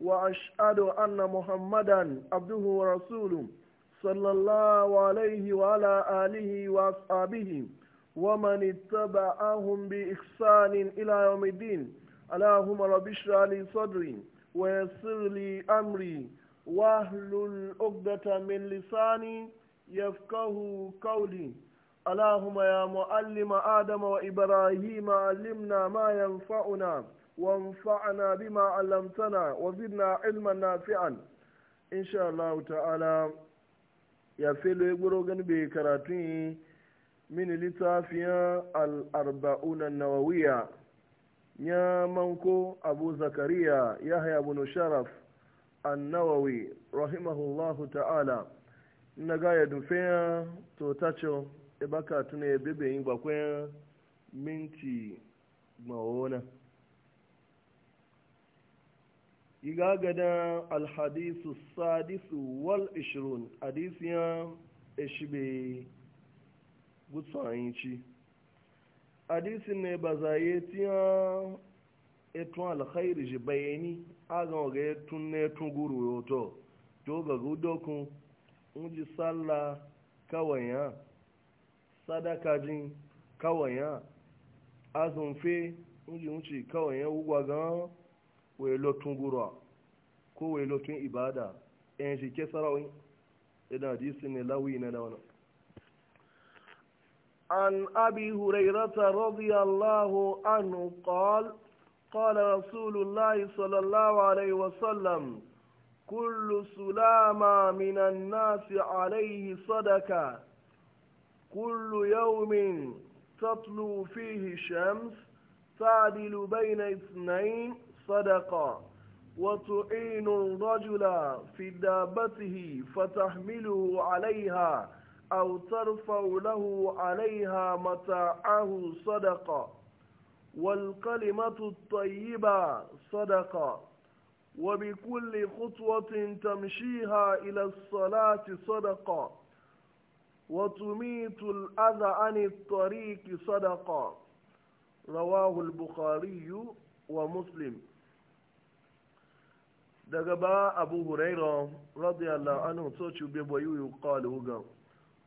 وأشهد أن محمدا عبده ورسوله صلى الله عليه وعلى آله وأصحابه ومن اتبعهم بإحسان إلى يوم الدين اللهم رب اشرح لي صدري ويسر لي أمري واحلل عقدة من لساني يفقه قولي اللهم يا معلم آدم وإبراهيم علمنا ما ينفعنا وانفعنا بما علمتنا وزدنا علما نافعا ان شاء الله تعالى يا فيلو يقولون كراتين من لتافيا الأربعون النوويه يا منكو ابو زكريا يحيى بن شرف النووي رحمه الله تعالى نغاية دفيا توتاتشو إباكا تني بيبين باكوين منتي mawona igagada alhadisu sadisu wal ishirin hadisiyan eshibe gutsanci hadisin ne ba zaye tiyan etun alkhairu ji bayani agan oga etun ne tun guru yoto to ga gudokun unji sallah kawanya sadaka jin kawanya azunfe unji unci kawanya ugwa gan wai lotun gura ko wai lotun ibada yan ke sarawin idan hadisi ne lawi na da wani عن أبي هريرة رضي الله عنه قال قال رسول الله صلى الله عليه وسلم كل سلام من الناس عليه صدقة كل يوم تطلو فيه شمس تعدل بين اثنين صدقة وتعين الرجل في دابته فتحمله عليها أو ترفع له عليها متاعه صدقة والكلمة الطيبة صدقة وبكل خطوة تمشيها إلى الصلاة صدقة وتميت الأذى عن الطريق صدقة رواه البخاري ومسلم daga ba abu huraira radiyallahu anhu so ci be boyu yu qala uga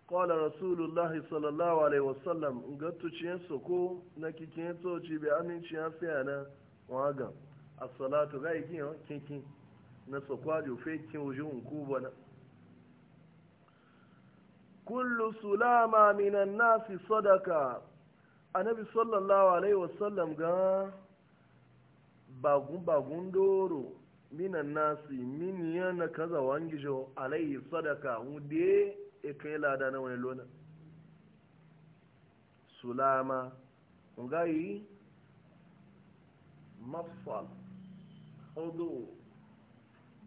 qala rasulullah sallallahu alaihi wasallam gattu ci so ko na kikin so ci be aminci ya na waga as-salatu ga yiki kinki na so kwajo fe kin ujun kubana kullu sulama minan nasi sadaka annabi sallallahu alaihi wasallam ga bagun bagun doro minan nasi min yana kaza wangi jo alayhi sadaka mude e kai lada na wani lona sulama ngai mafal hudu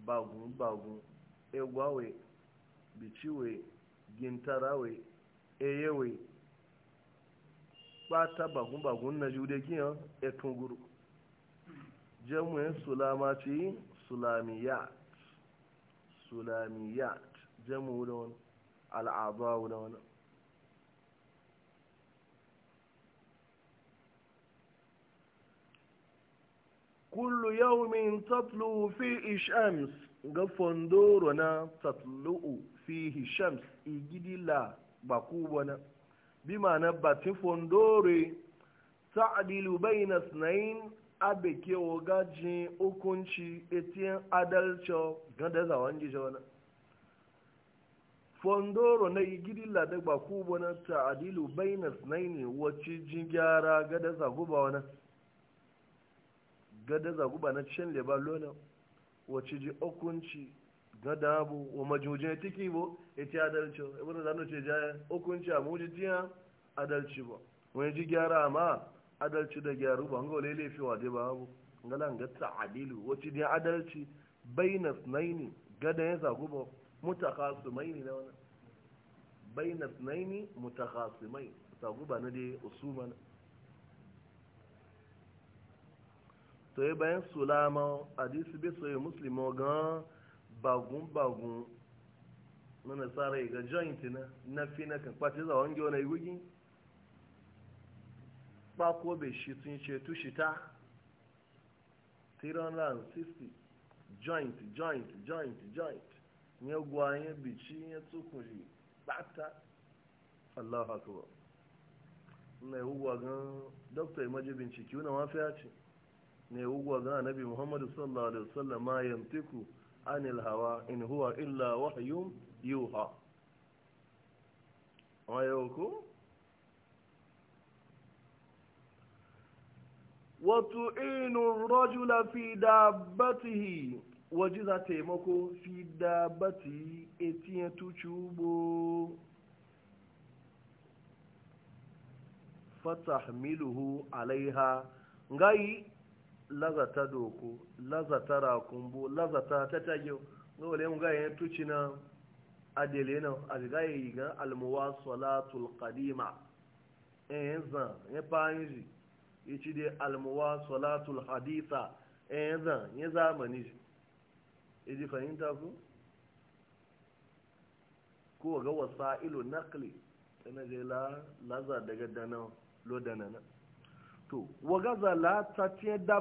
bagun bagun egwawe biciwe gintarawe eyewe bata bagun bagun na jude giyan etunguru jamuyin sulama ce sulamiyat sulamiyat jamu da wani al'adawu da wani kullu yawmin tatlu fi ishams ga fondoro na tatlu fi ishams igidila baku na bi ma na batin fondore ta'adilu bayna snain abeke wo gaji hukunci etiyan adalcho ganda za wanji jona fondoro na igidi lada gba kubo na ta'adilu bainas naini wacce jingara gyara za guba wana gada guba na le ba lona wacce ji hukunci gada bu wa majuje tiki bo eti adalcho ibn zanu ce ja hukunci amuji mujijiya adalci ba wani ji gyara ma. adalci da gyaru ba ga wale laifi wa dai ba abu ngalan ga ta'adilu wace dai adalci baina naini gada ya zagu ba ne na wannan bainas naini mutakhasimai zagu ba na dai usuma na to yi bayan sulama hadisi bai soye muslimo gan bagun bagun na nasara ga joint na na na kan kwace zawon gyo na igugin ba ko bai shi chetu shita tushita 360 joint joint joint joint ya gwaye bici ya tsukuri bata Allah akbar na yi hugwa dokta imaji binciki wani mafiya ce na yi hugwa gan anabi muhammadu sallallahu alaihi wasallam ma yantiku anil hawa in huwa illa wahyun yuha wayo وتعين الرجل في دابته وجزا تيمكو eti دابته اتين تشوبو fatahmiluhu alaiha ngai lazata doku lazata rakumbu lazata tatayo ngole ngai tuchina adelena algai ga almuwasalatul qadima enza ne panji ci dai almuwa salatul haditha eh zan ya zamani e, ji fahimta ku ko ga wasa ilo nakli e, je la laza daga dana lo dana na to waga za la ta ce da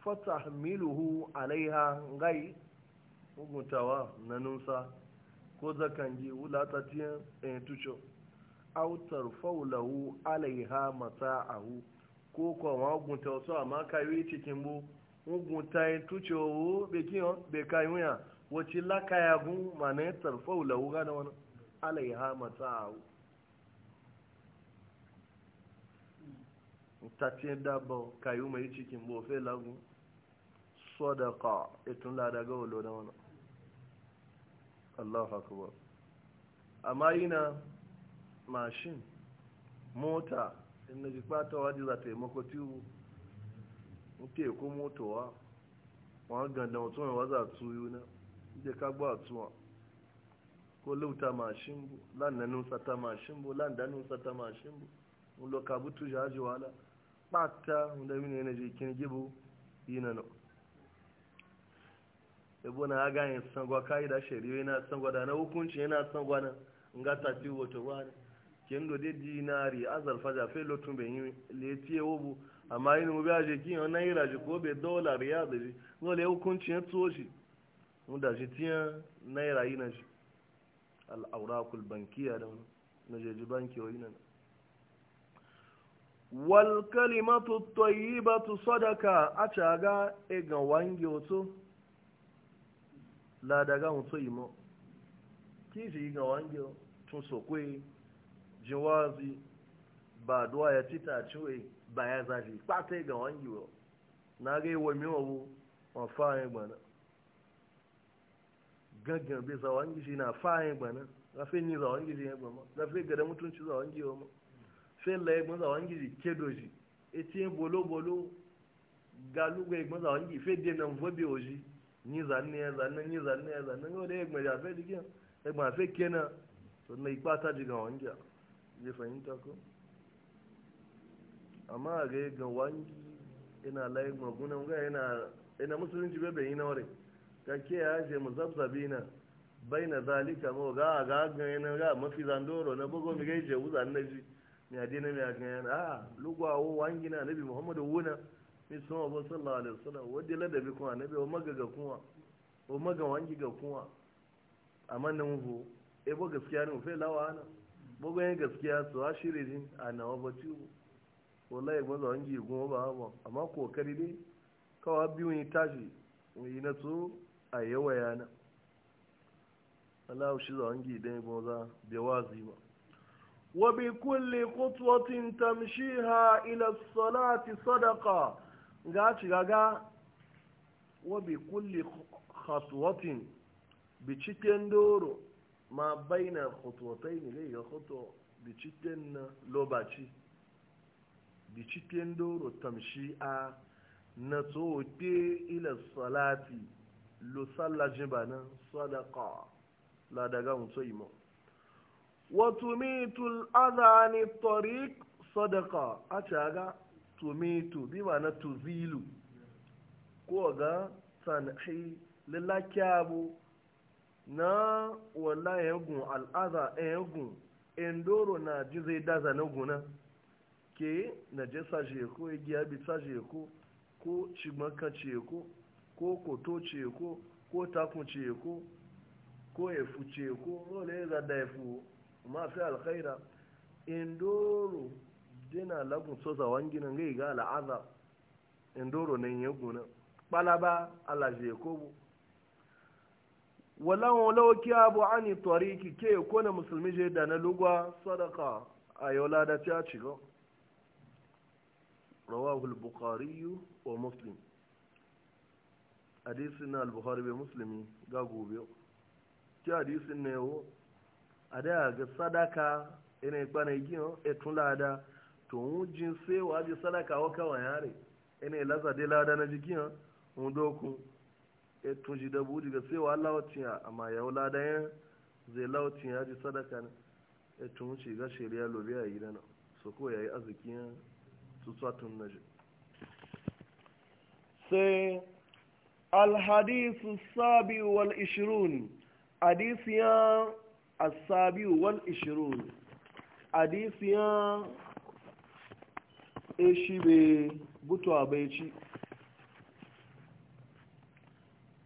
fata miluhu alaiha ngai hukuntawa na nunsa ko zakan ji wula ta ce eh tucho autar faulahu alaiha mata'ahu ko kwa wagunta wasu amma yi cikin bu wagunta yin tuce wo be kayi wuya wace lakaya bu mana ya tarfau lahu gane wani alaiha mata'ahu ta ce dabba kayi mai cikin bu fe lagun sadaka itun ladaga walo da wani Allah akbar amma yi na mashin mota in na ji fatawa ji za ta yi makwatiwu nke ko motowa wọn ganda mutum yawa za su na ije ka gba tuwa ko lauta mashin bu lannanin sata mashin bu landanin sata mashin bu un lo kabu tuja aji wala pata da mini yana je kin gibu yi na no ebo na aga yin sangwa kai da shari'a yana sangwa da na hukunci yana sangwa na ngata tafi wato wani kendo de dinari azarfa da fe lotun be yin le tie obu amma yin mu biaje ki on naira je ko be dollar ya de no le hukunci ya toshi mun da shi tiya naira yi na shi al awraqul bankiya da na je banki o yinan wal kalimatu tayyibatu sadaka a caga e ga wangi oto la daga mutu imo ki shi ga wangi tun so sokwe jiwazi ba duwa ya ci taciwe ba ya zafi kpatai ga wangi wa na ga yi wa miwawu wa fayin gbana gaggan bai za wangi shi na fayin gbana rafe ni za wangi shi ya gbama rafe gada mutunci za wangi wa ma fe la ya za wangi shi kedo shi eti yin bolo bolo ga lugwa za wangi fe de nan vobe o shi ni zanne ya zanne ni zanne ya zanne ga wani ya gbama ya fe dikin ya gbama fe kenan sannan ikpata ji ga wangi a zai fahimta ko amma a ga ga wangi ina layin magunan ga yana ina musulunci bai bai yi naure ka ke ya ce mu zabzabi na bai na zalika ma ga ga ga yana ga mafi zandoro na bugo mi gai je wuza na ji mi adi na mi a ga yana a ah, lugwawo wangi na nabi muhammadu wuna mi sun abu sallallahu alaihi wasallam wadda ladabi kuma nabi o maga ga kuma o maga wangi ga kuma amma nan hu e bo gaskiya ne mu lawa na. bugun gaskiya su a shirin a nawa ba ciwo wallahi ba za wangi goma ba ba amma kokari dai kawo biyu ne tashi yi na so a yawa yana Allah shi za wangi dai ba za bai wazi ba wa bi kulli tamshi ha ila salati sadaka ga ci gaga wa bi kulli khutwatin bi cikin doro ma baina khutuwatai ne zai ga khutu biciten lobaci biciten doro tamshi a na tsohote ila salati lo sallaji ba na sadaka la daga mutu imo watumitul adhani tariq sadaka a caga tumitu bi ma na tuzilu ko ga sanhi lalakiyabu na wala gun al'aza yagun endoro na ji zai daza na guna ke na je saje ko igiya bi saje ko ko shigmanka ce ko ko koto ce ko ko takun ce ko ko efu ce ko wala ya zada efu ma fi alkhaira endoro dina lagun so zawan ginin ga al'aza endoro nan ya guna palaba alaje ko walan walau kiya bu ani tariki ke kona musulmi je da na lugwa sadaka a yau lada ta ci ga rawahul bukhari wa muslim hadisin na al-bukhari bai musulmi ga gobe ki hadisin ne yau a da ga sadaka ina ikpa na igi no etun lada to n jin sai wa ji sadaka wa kawai yare ina ilaza de lada na jiki ha n dokun e tun ji dabu daga tsewa lawacin ya amma da yan zai lawacin ya ji sadaka ne e tun wuce ga shirya lobe a gida na so ko ya yi arzikin tutsatun na ji sai alhadisu sabi wal ishirun a asabi wal ishirun adisiya e shi bai gutu a bai ci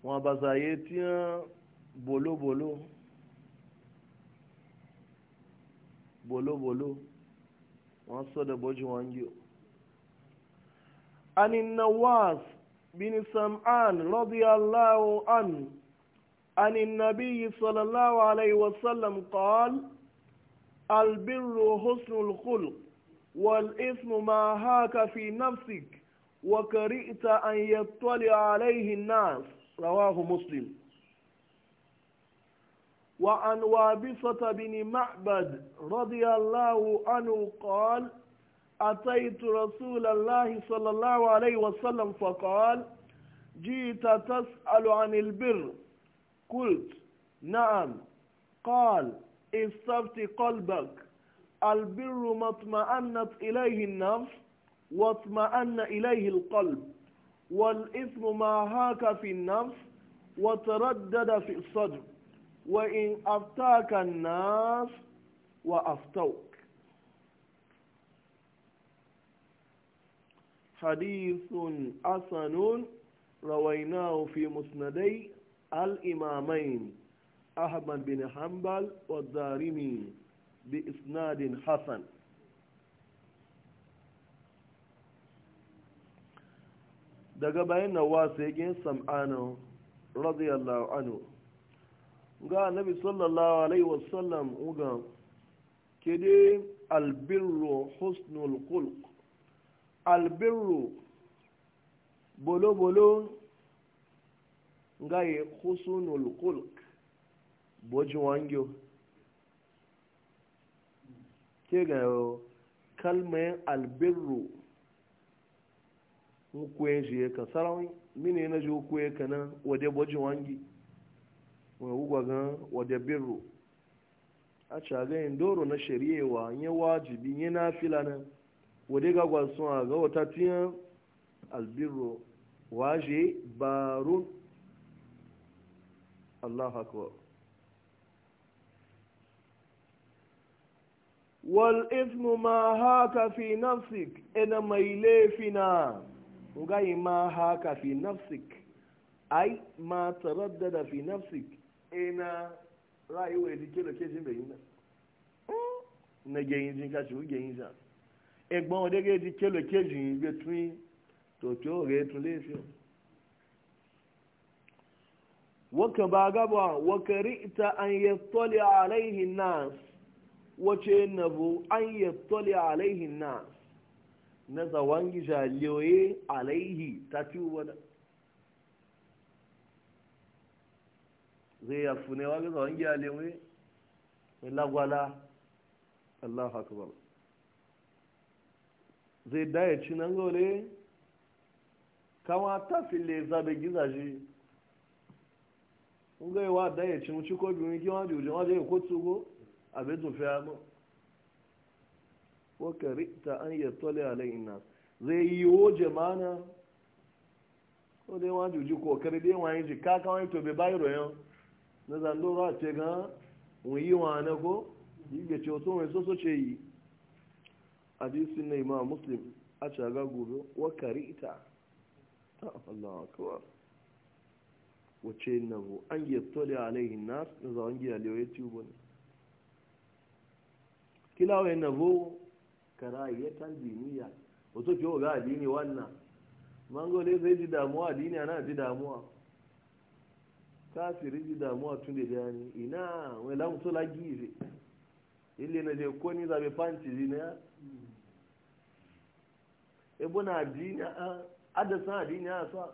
wọn bá sàyè tí wọn bolóbolo bolóbolo wọn sọdọ bọjú wọn jù. عن النواس بن سمعان رضي الله عنه عن النبي صلى الله عليه وسلم قال البر حسن الخلق والإثم ما هاك في نفسك وكرئت أن يطلع عليه الناس رواه مسلم وعن وابصة بن معبد رضي الله عنه قال أتيت رسول الله صلى الله عليه وسلم فقال جئت تسأل عن البر قلت نعم قال استفت قلبك البر ما اطمأنت إليه النفس واطمأن إليه القلب والإثم ما هاك في النفس وتردد في الصدر وإن أفتاك الناس وأفتوك حديث حسن رويناه في مسندي الإمامين أحمد بن حنبل والدارمي بإسناد حسن daga bayan na wasu yakin sam'ana radiyallahu anhu ga annabi sallallahu alaihi wasallam uga kede albirru husnul khulq albirru bolo bolo ngaye husnul khulq boji wangyo ke ga kalmayin albirru nkwe shi e ka sarawai mini na shi kwe e ka na wade boji wangi wani ugwa ga wade birru a cagayin doro na e wa nye wajibi nye na fila na wade ga gwasun a ga wata tiyan albirru waje barun allah akbar والإثم ما هاك fi نفسك إن ميلي فينا ugayi ma haka fi nafsik ai ma taraddada fi nafsik ina rayuwa jike da kejin bai na hmm. na geyin jin kashi u geyin ja egbon odege jike lo kejin gbe tun to ti o re tun le fi waka ba gaba waka ri'ta an yattali alaihi nas wace nabu an yattali alaihi nas na zawangi jaliyoyi alaihi ta ci wani zai ya fune wa ga zawangi jaliyoyi mai lagwala allahu akbar zai daya ci nan gole kama ta file zabe gizaje ngai daya ci mu ci ko bi mu ki wa di uje abin je ko tun wa karita an yattali alayhin nas zai yi wo jama'ana ko dai wa juji kokari dai wa yi ka ka wani to be bayro yan na zando ra ce ga yi wa na ko yi ge ce so wani so so ce yi hadisin na imam muslim a shaga gobe wa karita Allah akbar Wacce na bu an yattali alayhin nas na zawon giya lewaye tubun kilawayen na bu karahiyatan diniya wato ke ga addini wannan mangole zai ji damuwa addini ana ji damuwa kafiri ji damuwa tun da jani ina wai la mutu la gize ile na je ko ni zabe panci ne ya e na addini a adasan addini a sa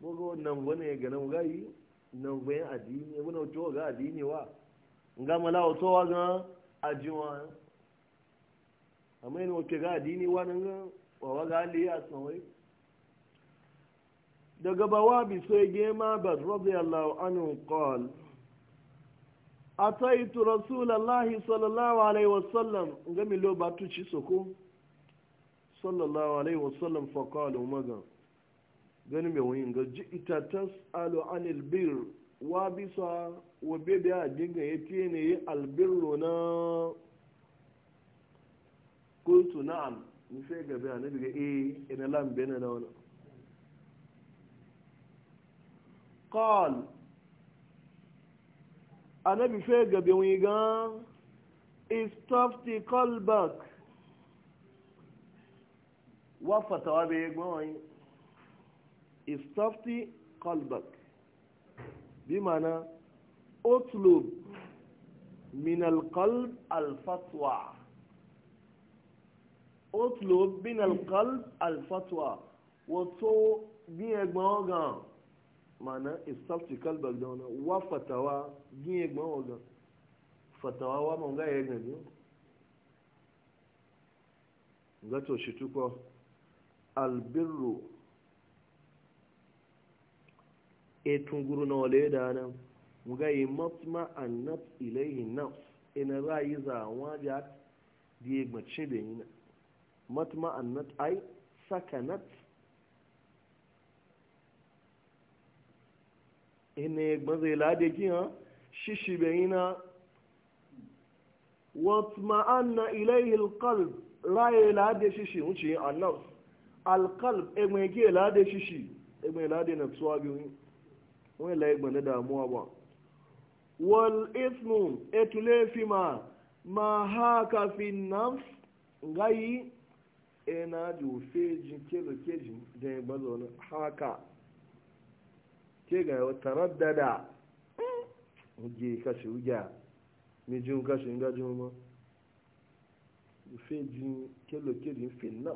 bogo nan wani ga nan gayi nan bayan addini e na to ga addini wa ngama la to wa ga ajiwa amma yana wake ga adini wani ga wawa ga aliyu a tsawai daga bawa biso ya gema ba radiyallahu anhu qal ataitu rasulallahi sallallahu alaihi wasallam gami lo ba tu ci soko sallallahu alaihi wasallam fa qala umaga gani me wani ga ji ita tasalu anil bir wa bisa wa bebe a dinga yake ne albirro na قلت نعم نفاجا بها نبقى ايه انا لم بيننا ولا قال انا بفاجا بيويغا استفتي قلبك وفت وابيك موين استفتي قلبك بمعنى اطلب من القلب الفتوى otlub bin alqalb alfatwa wato gin egbon ogan mana istafti kalbak da wani wa fatawa gin egbon ogan fatawa wa manga ya egan biyu gato shi tukwa albirru etun guru na wale da nan muga yi matma annat ilaihi nafs ina ra'ayi za wajen da ya gbace da yi na matma'annat ai sakanat ina gbanzai lade giyan shishi bayina watma'anna ilayhi alqalb raye lade shishi wuce annab alqalb egbe gi shishi egbe lade na tsuwa wani la egbe damuwa ba wal ithmu etule fima ma haka fi nafs gayi ena jufe jin kezo kejin da ya bazo na haka ke ga yau taraddada hmm. uge kashe uge mai jin kashe nga jin ma jufe jin kezo kejin finna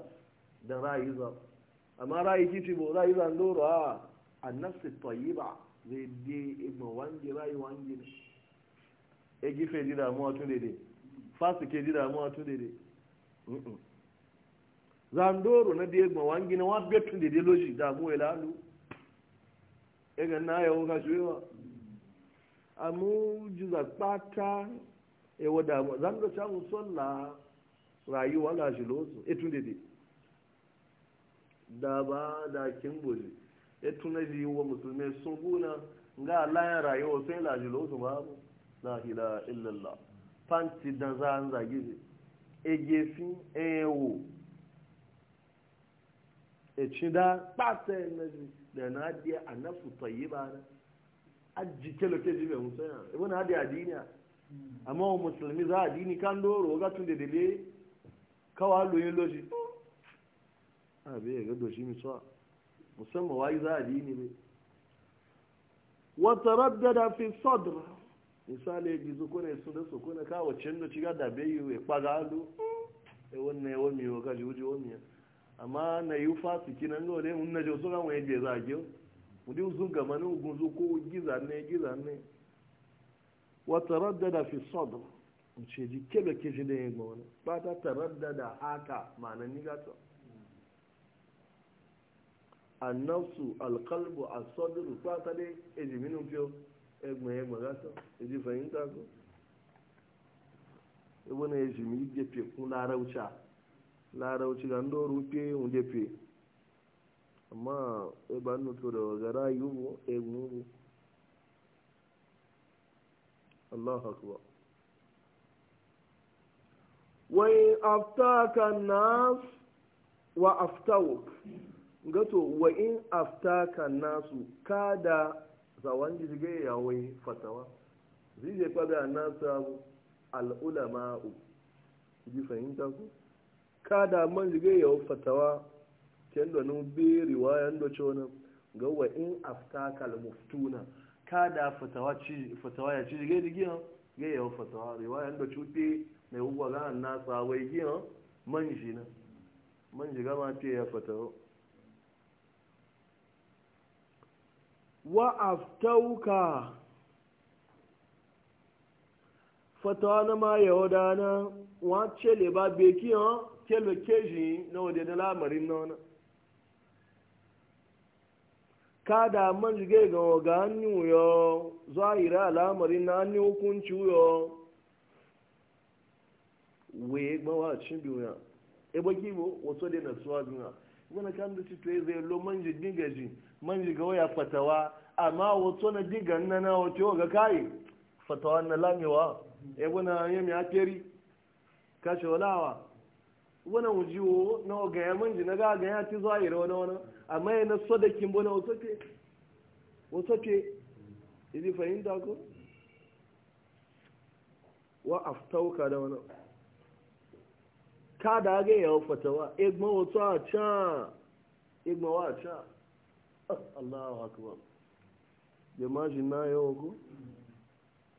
da rayu za amma rayu kiti bo rayu za ndoro a annafsi tayyiba zai de ibn wangi rayu wangi ne e gife ji damuwa tun daidai fasu ke ji damuwa tun daidai zandoro na dai ma wangi na wabe tun da dai loji da mu elalu e ga na yawo ga shuwa amu juza pata e wada zando cha musalla rayuwa ga shi lozo e tun da dai da ba da kimboli e tun da ji wa musulmai sun guna ga layan rayuwa sai la shi lozo babu la ilaha illallah fanti dan zan zagi e gefin e e ci da ɓata yin e naji da na hadiya a nafu tayi ba na aji kelo ke jibe musa yana e ibu na hadiya adini amma hmm. wa musulmi za a adini kan doro ga tun da dele kawa loyin loji a ah, bai ga doshi mi sa, musamman wa yi za a adini ne. wata da fi sadr misali e ya gizo kone su da su kone kawo cin da ci ga da bai yi wa ya kpagalu e wannan ya wani wa gaji wuji wani ya amma na yi fasu kina ne wane na jo suka wani je ke mu dai sun gama ne ugun su ko giza ne giza ne wata raddada fi sadr mu ce ji kebe ke shi da yin gwa wani ba ta taraddada haka ma'anar ni gata annafsu alkalbu asadru ba ta dai ejiminin fiyo egbon egbon gato eji fahimta ko ebe na eji ejimi gefe kun larauca larauci da ndo rufe mu jefe amma e ba nuto da gara mu, e mu Allahu akbar wai aftaka nas wa aftawuk gato wa in aftaka nasu kada zawan jirge wai fatawa zai je kwada nasa al'ulama'u ji fahimta ku kada man zige yau fatawa ken da nun bi riwayan da cewa ga wa in aftakal muftuna kada fatawa ci fatawa ya ci zige digiya ga yau fatawa riwayan da cuti ne uwa ga na sawai giya man shi na man jiga ma ce ya fatawa wa aftauka fatawa na ma yaudana wace le ba beki han kelo keji na wade na lamarin na wani kada man jige ga ga hannu yo zahira lamarin na hannu hukunci yo wee gbawa cin biyu ebe kibo wato de na suwa biyu wani kan da ci tuwe zai lo man jigin ji man ga waya fatawa amma wato na diga na na wato ga kai fatawa na lamewa ebe na yami akeri kashe walawa wani wujiwo na ga ya manji na gaga ya ci zahira wani wani amma ya na so da kimbo na wasu ke wasu fahimta ko wa aftauka da wani ka da ga ya fatawa igma wasu a can igma wa a can Allahu akbar jama'a shi na yawa ko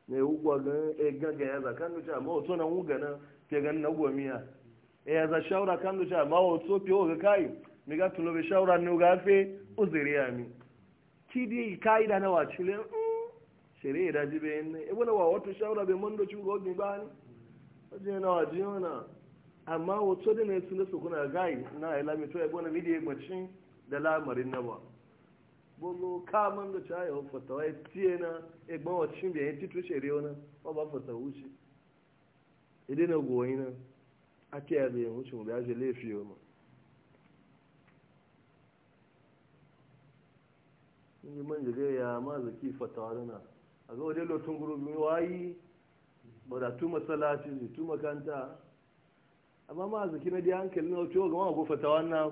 ne ugwa ga ga ya zaka nuce amma wasu na ugana ke gan na gomiya ya eh, za shawara kan duca ma wa tsofi o ga kai mi ga tuno be shawara ne ga fe uzuri ya mi ki di kai da na mm, shere da ji be ne e wala wa wato shawara be mondo chu go ni bani oje na wa ji ona amma wa tso de ne sun su kuna gai na ila e mi to ya e bona mi di e gbacin da lamarin na ba bolo ka man da cha yo fatawa tiye na e gbon wa chin be titu shere ona ba ba fatawu shi idina goyina ake ya zai wuce mu biya shi ma in ji ya ma zaki fatawa dana a ga ba da tu masalaci su tu makanta amma ma zaki na dai hankali ah, na ga ma go fatawa na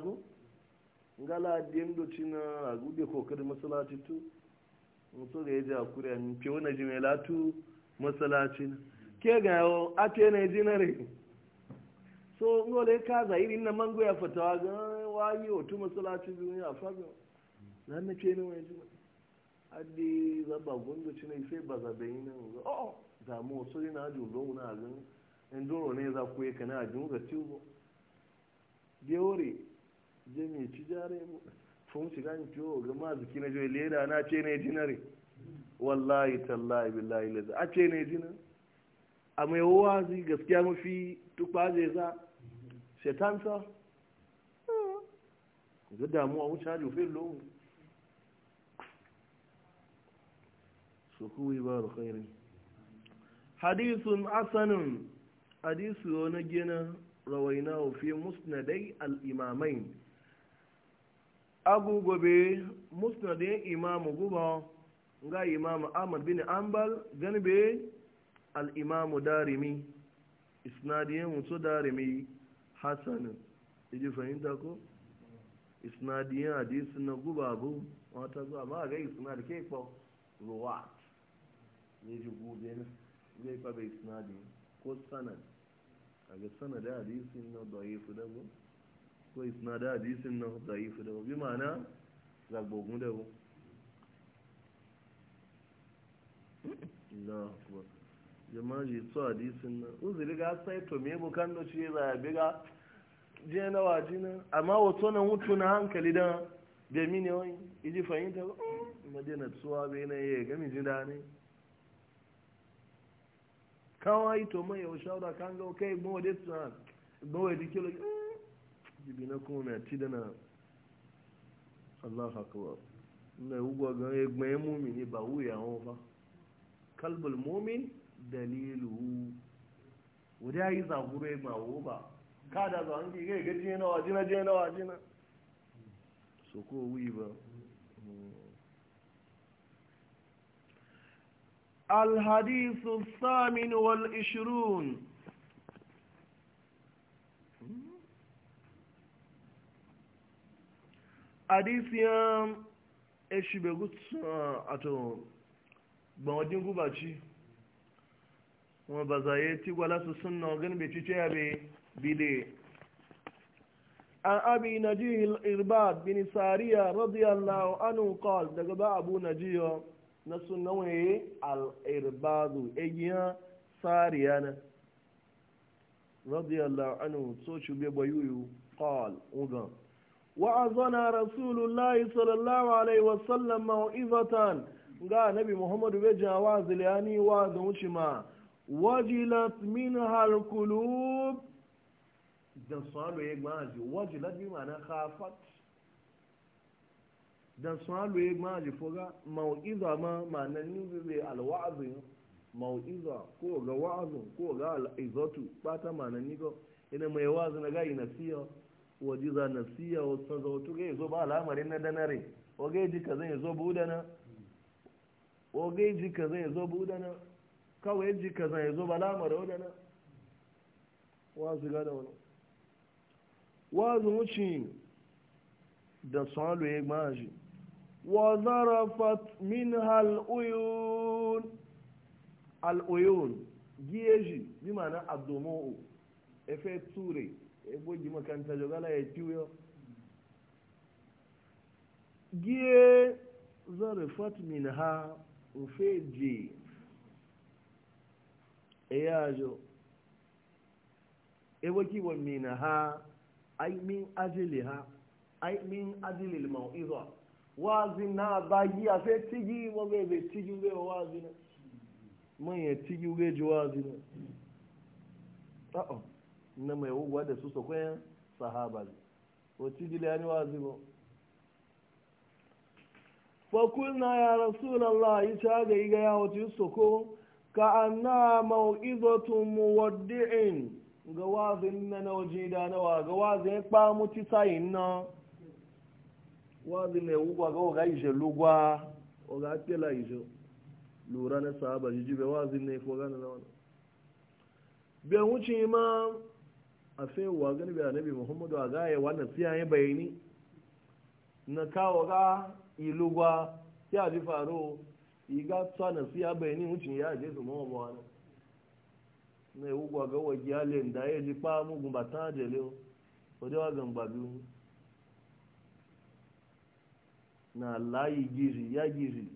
ngala diyan doci na a gude kokarin masalaci tu mutu ga ya ji a jimela tu masalaci ke ga na so ngole ka zahiri na mango ya fatawa ga wayi otu masalati duniya faga zan na ce ne wani jima adi gundu shi ne sai ba zabe yi nan ga oh da mu so ni na ju lo na ga en do ne za ku yi kana ju ga go deori je mi ci jare mu fun ci ga ni tiwo ga ma zuki na jo leda na ce ne dinare wallahi tallahi billahi lazi a ce ne dinare a mai wazi gaskiya mafi tukpa zai za ṣẹ̀tàn sọ ìgbé damuwa wuce hajji òfin lóhun sukú ba rukairin hadisun asanin hadisu na gina rawaina fi musnadai al'imamai abu musnadai musnadin imamu guba ga imamu ahmad bin ambal ganibe al'imamu darimi isnadiyan mutu darimi hasanin iji fahimta ko isnadiyan hadisi na gubabu wata zuwa ma ga isnadi ke kwa ruwat ne ji gube ne zai fa isnadi ko sanad a ga sanadi hadisin na da'ifu da ko ko isnadi hadisin na da'ifu da bi mana zagbogun da ko Allah akbar jama'a su hadisin nan uzuri ga sai to me bukan da shi za a biga je na waji na amma wato nan hutu na hankali dan da mi ne wani iji fahimta ba mm, madina tsuwa bai na yi ga miji da ne kawai to mai yau shawara kan ga kai gbawa da na gbawa da kilo mm, jibi na kuma na ci da na allah akbar na yi ugwa ga eh, ya gbaye mumini ba wuya hau ba kalbul mumin Dalilu. wadda ya yi zagurai mawo ba ka da zuwa hangi ga gaji na wajina je na wajina so ko wuyi ba alhadisu samin wal ishirun adisiyan eshibegutu ato gbawajin gubaci kuma ba za yi tigwala su suna gani bai cice ya bide an abi na ji irbad bin sariya radiyallahu anu kal daga ba abu na ji yau na suna waye al'irbadu egiya sariya na radiyallahu anu so shi bai bayuyu kal ugan wa azana rasulullahi sallallahu alaihi wasallam ma'u izatan ga nabi muhammadu bai jawa ziliyani wa zan wuce ma wajilat minha alqulub dan salo ye gbaji wajilat bi ma'ana khafat dan salo ye gbaji foga mau'iza ma ma'ana ni be alwa'zi mau'iza ko ga wa'azu ko ga al'izatu bata ma'ana ni ko ina mai wazi na ga siya wajiza nasiya wa sazautu ga zo ba al'amarin na danare o ge ji kaza zo budana o ge ji kaza zo budana kawai yaji kaza zai zo ba bala mara wadana wazu gada wani wazu wuce da salo ya maji wa zarafat min hal'uyun al'uyun giyeji bi ma na abdomo'u efe ture egbogi makanta jogala ya kiwo giye zarafat min ha ofe je eyajo ewe kiwon mina ha ai min ajili ha ai min ajili a wazi na bagi a fe tigi mo be be tigi be wazi na mun tigi be ji wazi na ọ na mai wugwa da su so sahaba abalị. o tigi le ani wazi mo fa kulna ya a ita ga ya كأنها موئظة مودع ga wazin na na waje danawa ga wazin ya kpa mutu sayin na wazin na yawugwa ga waga ije lugwa waga tela ije lura na sahaba jiji bai wazin na ifo gana na wani bai wuce ma a wa gani bai anabi muhammadu a gaya si anyị ya bayani na kawo ga ilugwa ya ji faru. iga tsa na siya bayani wucin ya je su mawa mawa na Na yi ugwa ga wa giyale da ya ji pa mugun ba tan jele o wadda wa gamba biyu na layi gizi ya gizi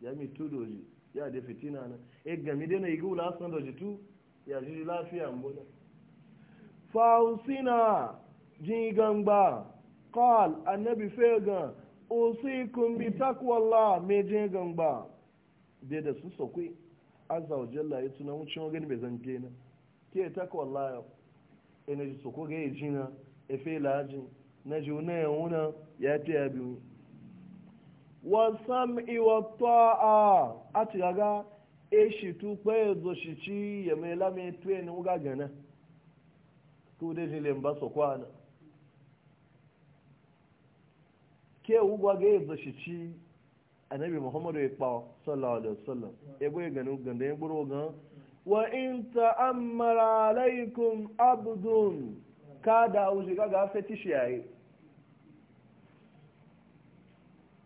ya mi tu doji ya da fitina na e gami dai na yi gula asan doji tu ya ji lafiya mbona fausina jin gamba qal annabi fegan usikum bi taqwallah me jin gamba bai da su sokwe azza wa jalla ya tuna mun cewa gani bai zan gena ke ta ko ina eh, ji soko ga jina e fe lajin na ji una ya una ya ta ya biyu wa sam'i wa ta'a ati gaga e shi tu pe zo shi ci ya mai la mai tuye ne uga gana tu de ji lemba soko ana ke ugwa ga zo shi ci annabi muhammadu ya kpawo sallallahu alaihi wasallam ya goye gani ganda ya gburu gan wa in ta'ammara alaikum abdun kada uji kaga fetish yayi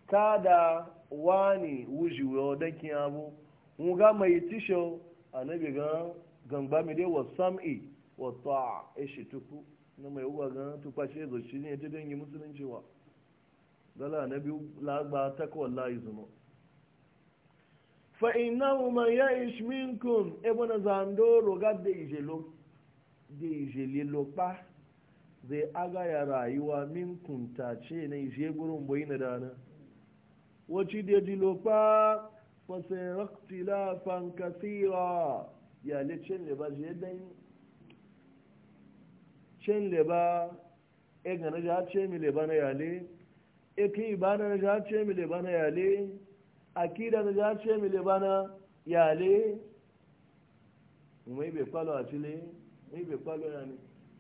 kada wani wuji wo dankin abu mu ga mai tisho annabi gan gangba mi dai wa sam'i wa ta'a ishi tuku na mai uwa gan tukwashe shi zo shi ne ta yi musulunci wa dala na biyu lagba ta yi zuma fa ina ma ya ish minkum na zando roga de ijelo de ijeli zai aga ya rayuwa minkum ta ce na ije gurin boyi na dana wacce da ji pa fa sayraktilafan kathira ya le cin le ba je dan cin le ba e ga ja ce mi le ba na ya le eki bana na ja ce mi le bana yale akida na ja ce mi le bana yale mu ibe kwalo a chile mu ibe kwalo yani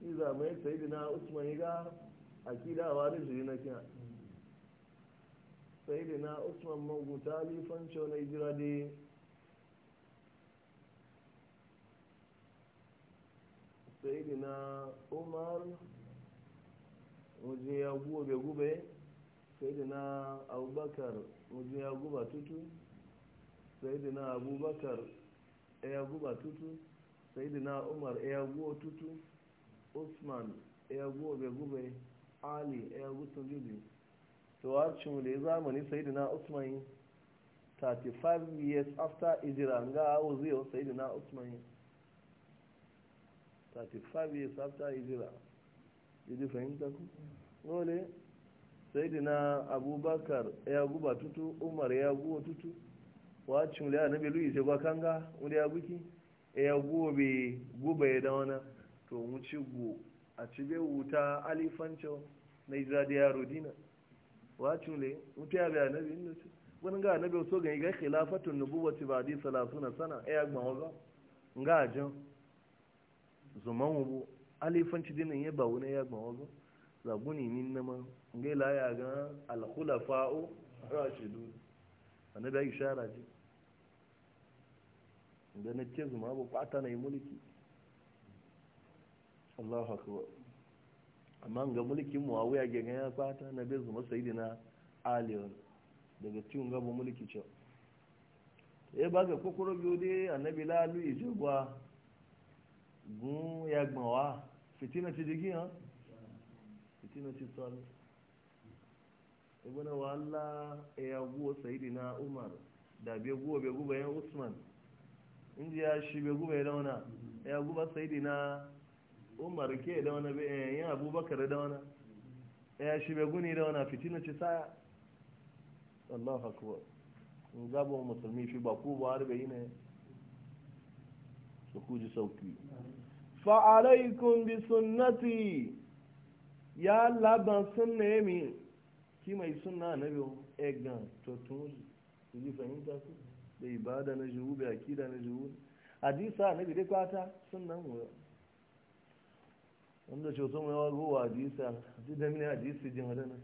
iza mai na usman ga akida a da shi na kiya na usman maguta li fancho na hijira de na umar wajen ya gube gube sayidina abubakar mujin ya guba tutu sayidina abubakar ya guba tutu sayidina umar ya guba tutu usman ya guba bai guba ali ya gutsun jubi to a cin da ya zamani sayidina usman 35 years after ijira ga awu zai sayidina usman 35 years after ijira Did you fahimta ku? Role, na abubakar ya guba tutu umar ya guba tutu wacin da na belu ise gwa kanga wanda ya guki e, ya guwa guba ya da wana to mu ci gu a ci wuta alifancho na ijira da yaro dina wacin le mutu ya bi annabi inda ci wani ga annabi so ga ga khilafatun nubuwati e, ba di na sana e, ya gba wa ga ajan zuman wubu alifanci dinin ya ba wani ya gba wa ga zaguni nin na ma ngai laya ga alkhulafa'u rashidu ana ayi shara ji da na ce zuma bu kwata na yi mulki Allahu akbar amma ga mulkin muawiya ga ga ya kwata na bai zuma sayyidina ali daga cikin gaba mulki ce e ba ga kokoro biyo dai annabi lalu ijogwa gun ya gbawa fitina ti digi ha fitina ti tsalo Ibuna wa ya guwa sayidina Umar da bai guwa bai guba yan Usman inji ya shi bai guba ya wana ya guba sayidina Umar ke dauna bai eh, yan Abubakar dauna ya shi bai guni dauna fitina ci saya Allah akbar in gaba musulmi fi ba ku ba har bai ne su ku ji sauki fa bi sunnati ya laban sunne mi shi mai suna na biyu egan tuntun su ji fahimta ku da ibada na jihu da akida na jihu hadisa na bi dai kwata suna mu wanda ce wasu mai wago wa hadisa ji da mini hadisi jin hadana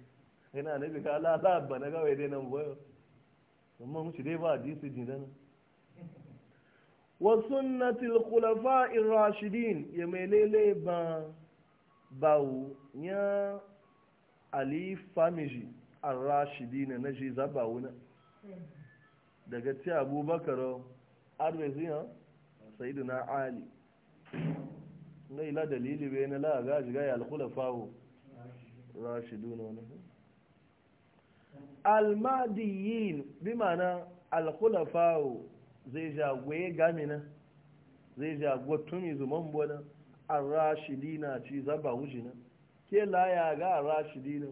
yana na bi ka ala ba na gawai dai nan boyo amma mu ci dai ba hadisi jin hadana wa sunnatil khulafa'ir rashidin ya mai lele ba bawo ya ali famiji an rashidi na na shi zaba wuna daga ci abubakar arzikin ha sai na ali na ila dalili bai na laga shiga ya alkula fawo rashidu na wani almadiyin bi mana alkula fawo zai jagwaye gamina zai jagwatumi zuman buwanan an rashidi na ci zaba wujina ke laya ga rashidina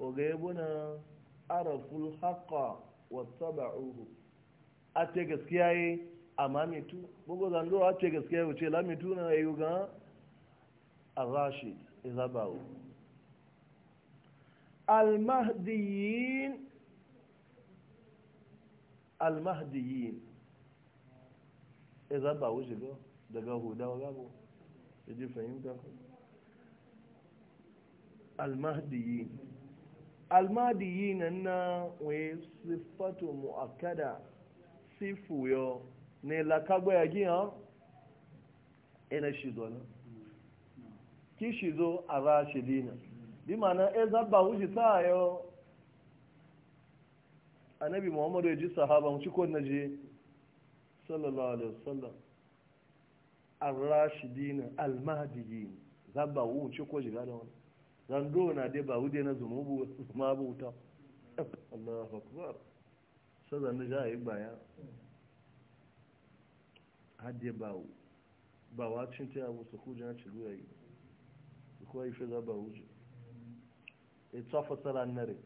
ogayebuna araful haqqa wattaba'uhu a ce gaskiya yi a mamitu bugu zando a ce gaskiya yi wuce lamitu na yi ga a rashid izabawu almahdiyin almahdiyin izabawu shiga daga hudawa gabo ya ji fahimta kuma almahdiyin almahdiyin na wee sifatu mu'akkada sifu yo ne lakagbo ya gi han ene shizo na ki shizo ara shidina bi na e zabba wuji ta yo anabi muhammadu ya ji sahaba mu ci ko na je sallallahu alaihi wasallam ar-rashidin al-mahdiyin zabba wu ci ko jiga da wani zango na dai ba wude na zumubu ma bu wuta Allahu akbar sai zanne ja yi baya hadde ba ba wacin ta abu su na ci ruwa yi ko yi fiza ba wuce e ta fasara nare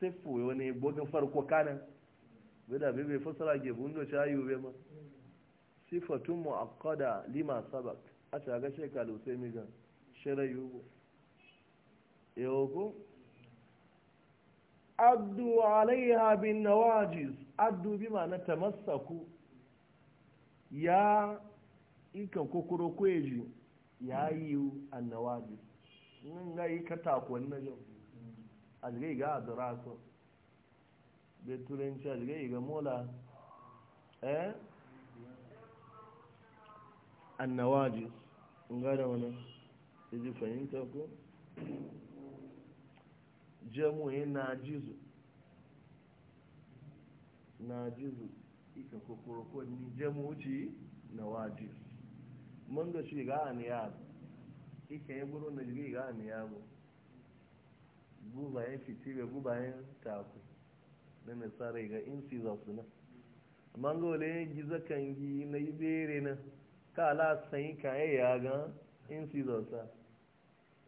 sefu wani bogin farko kanan bida bebe fasara ge bundo ta yi ube ma sifatun mu'aqqada lima sabak a ta ga shekaru sai migan shirayu yoko addu alaiha bin nawajiz addu bi ma na tamassaku ya ikan kokoro kweji ya yi annawajiz nan ga yi katakon na yau a zai ga a duraso da turanci a zai ga mola eh annawajiz ga da wani fahimta ko jamuhin e najizu jizu ika kokoroko ni jamuci na wajiz mun ga shi ga aniyabu ika yi e buru na jiri ga aniyabu gubayen fitire gubayen taku na nasarai ga insi za su nan amma ga wale gizo kan gi na yi bere na ka ala sanyi kan e yaya ga insi za su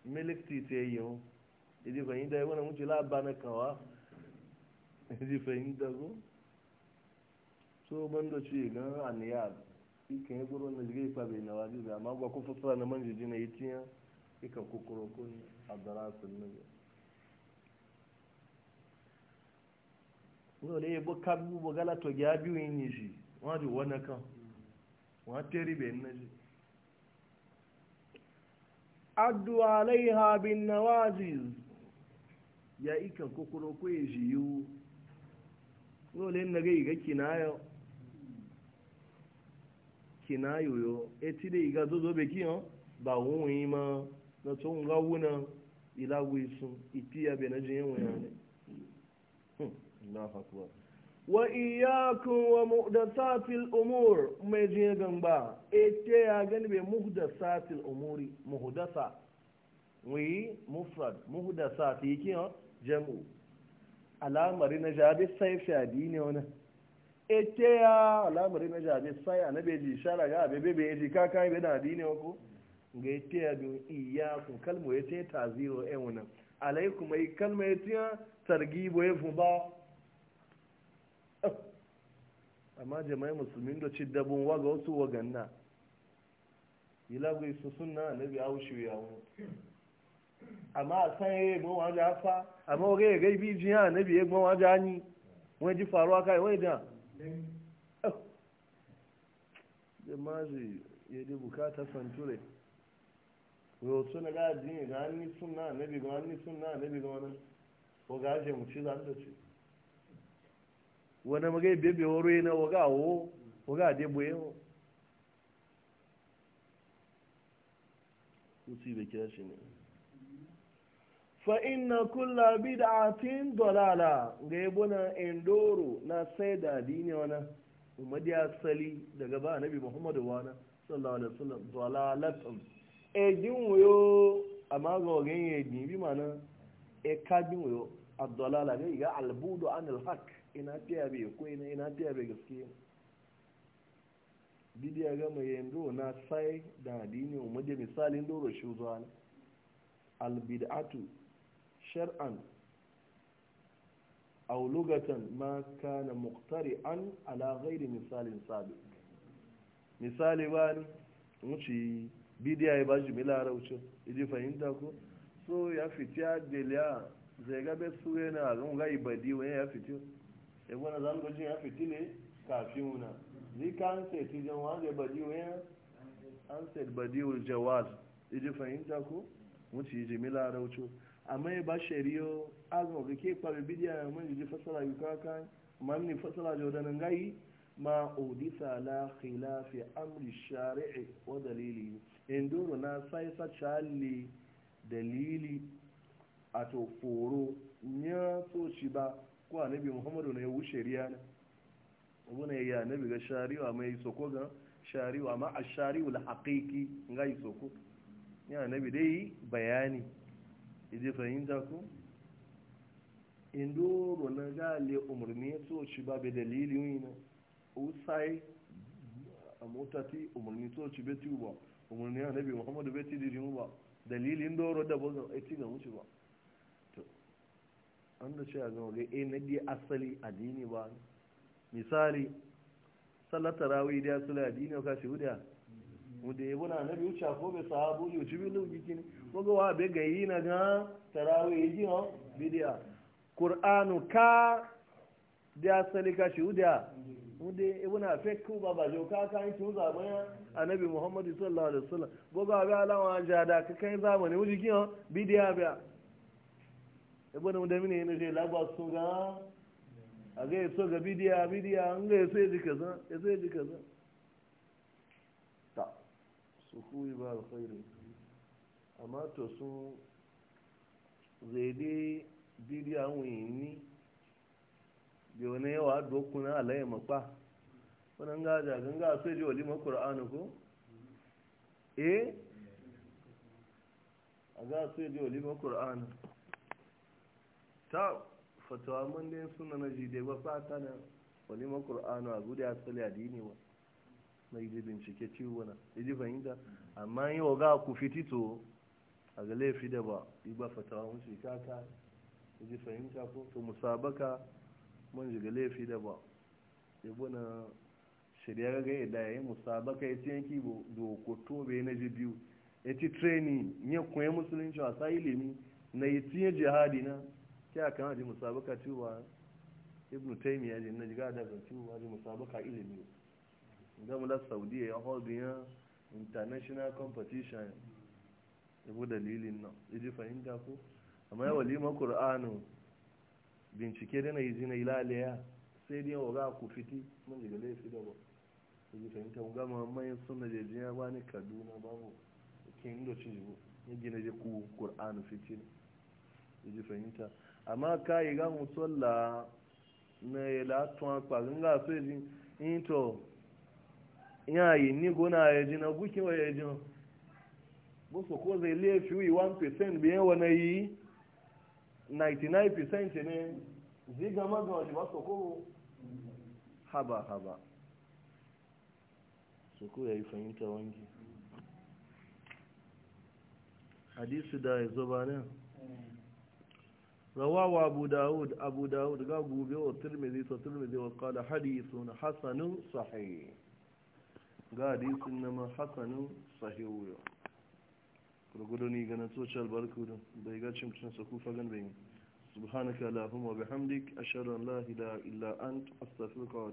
milik titi yayyawun Idi fahimta ya wani mutu laba na kawa. Idi fahimta ko? So bando ci gan aniyar. Ikan ya guru na jirgin fa bai nawa jirgin amma gwa kun fasara na man jirgin na yi tiya. Ikan kukuro kun abdara sun nan. Ngo le bo kabu bo gala to gya biyu yin yi shi. Wani wani kan. Wani teri bai na shi. Addu alaiha bin ya ikan kokoro ko ya jiyu dole na ga iga kinayo kinayo yo eti da iga zozo be kiyan ba wun yi ma na to nga wuna ila wisu ipiya be na jiyan wuna ne hmm, Allahu akbar wa iyakun wa muhdathatil umur mai jiyan gamba ete ya gani be muhdathatil umuri muhdasa wi mufrad muhdasat yi kiyan jamu alamari na jabe sai fiadi ne wani ete ya alamari na jabe sai nabe ji shara ga abe bebe ya ji kaka ibe na adini wako ga ete ya don iya kun kalmo ya ce ta zero e wani alaikum mai kalma ya tiya targibo ya e fuba oh. amma jama'i musulmin da ci dabon waga wasu waganna yi lagwai su sunna biya aushe ya wani àmọ́ àsán eré ègbón wọn jẹ́ afá àmọ́ orí èrè ibi jihàn níbi ègbón wọn jẹ́ ányí wọ́n jí faru aka ìwọ́n ìdàn. ṣe máa ṣe yẹde bukata santure rò tún ní dín ìgbà ní tún náà níbi gan ní tún náà níbi gan ọgá ṣe mú sí iná ọgá àwọ̀ ọgá fa inna kulla bid'atin dalala ga yabuna endoro na sai da dini wana umadi asali daga ba annabi muhammad wana sallallahu alaihi wasallam dalalatum e din yo amma ga ga yin bi mana e ka din yo ad-dalala ga ya albudu an al-haq ina tiya be ko ina ina tiya be gaskiya bidiya ga mai yendo na sai da dini umadi misalin doro shi zuwa albid'atu shar'an aw lugatan ma kana an ala ghairi misalin sabi misali bani wuce bidiya ya ji mila rauce idi fahimta ko so ya fiti a deliya zai gabe su yana a zan gai badi wani ya fiti ya wani zangajin ya fiti ne kafin wuna ka an sai jan wani ya badi wani an sai badi wani jawaz idi fahimta ko wuce ji mila rauce amma ya ba shari'o azuma ga ke kwabe bidiya mun ji fasara yi kaka amma ni fasara da wadannan gayi ma odisa la khilafi amri shari'i wa dalili indoro na sai sa chali dalili ato foro ya so shi ba ko anabi muhammadu ne wu shari'a ne abuna ya anabi ga amma mai soko ga amma shari'a ma ashari'ul haqiqi ngai soko ya anabi dai bayani idi fahimta ku indoro na gale umarni ya toci ba bai dalilin yi na usai tí umarni toci bai ba umarni ya nabi muhammadu bai tiyu ba dalilin doro da bazan aiki e ga mutu ba tó an da cewa zan ọ̀gẹ́ ẹ e na di asali àdínì ba misali salatar rawi asali addini ka shi huda wanda ya buna na biyu cako bai sahabu yau ci biyu jikin kogo wa bai gayi na ga tarawe ya ji hau bidiya ƙur'anu ka da asali ka shi wuda wanda ya buna fekku ba ba jau ka kan ki wuza bayan annabi muhammadu sallallahu alaihi wasallam kogo wa bai alama jada ka kai zamani wuji ki hau bidiya biya ya buna wanda mini yana je lagos sun ga a ga ya so ga bidiya bidiya an ga ya so ya ji kaza ya kaza Sukuyi ba alkhairi amma to sun zaide didi awon ni bi wani yawa na alaye makpa wani ga jagan ga so ji walima qur'ani ko eh a ga so ji walima anu ta fatawa mun ne suna na jide ba fata na walima anu a gudu ya tsali dini ba na ji bincike ciwo na iji fahimta amma yi wa ga ku fitito a ga laifi da ba yi ba fatawa wuce kaka iji fahimta ko to musabaka mun ji ga laifi da ba ya buna shirya ga ya da ya musabaka ya ci yanki dokoto bai na ji biyu ya ci treni ya kuwa musulunci wasa ilimi na yi tiye jihadi na kya kama ji musabaka ciwo ibnu taymiya ji na ji ga da ciwo ji musabaka ilimi da saudi ya holdin ya international competition ibu dalilin nan iji fahimta ko amma ya walima ƙur'anu bincike da na yi jina ilaliya sai dai waga ku fiti mun daga ya fi daba. iji fahimta ga mai suna da jiya ba ni kaduna ba mu kin indo ci jibo ya gina je ku ƙur'anu fiti iji fahimta amma ka yi ga musolla na yi latuwa kwa ganga so yi into yayi ni gona ya ji na bukin wa ya ji na boso ko zai laifi wi 1% biyan wa na yi 99% ne ziga maza wa ba soko haba haba soko ya yi fahimta wangi hadisi da ya zo ba nan rawawa abu dawud abu dawud ga gobe wa turmizi to turmizi wa kala hadisun hasanun sahih ga hadisin na ma hasanin yau gurgudu ni ganin social barkudu bai ga cimcin sakufa kufa gan bai subhanaka allahumma bihamdik hamdik an la illa ant astaghfiruka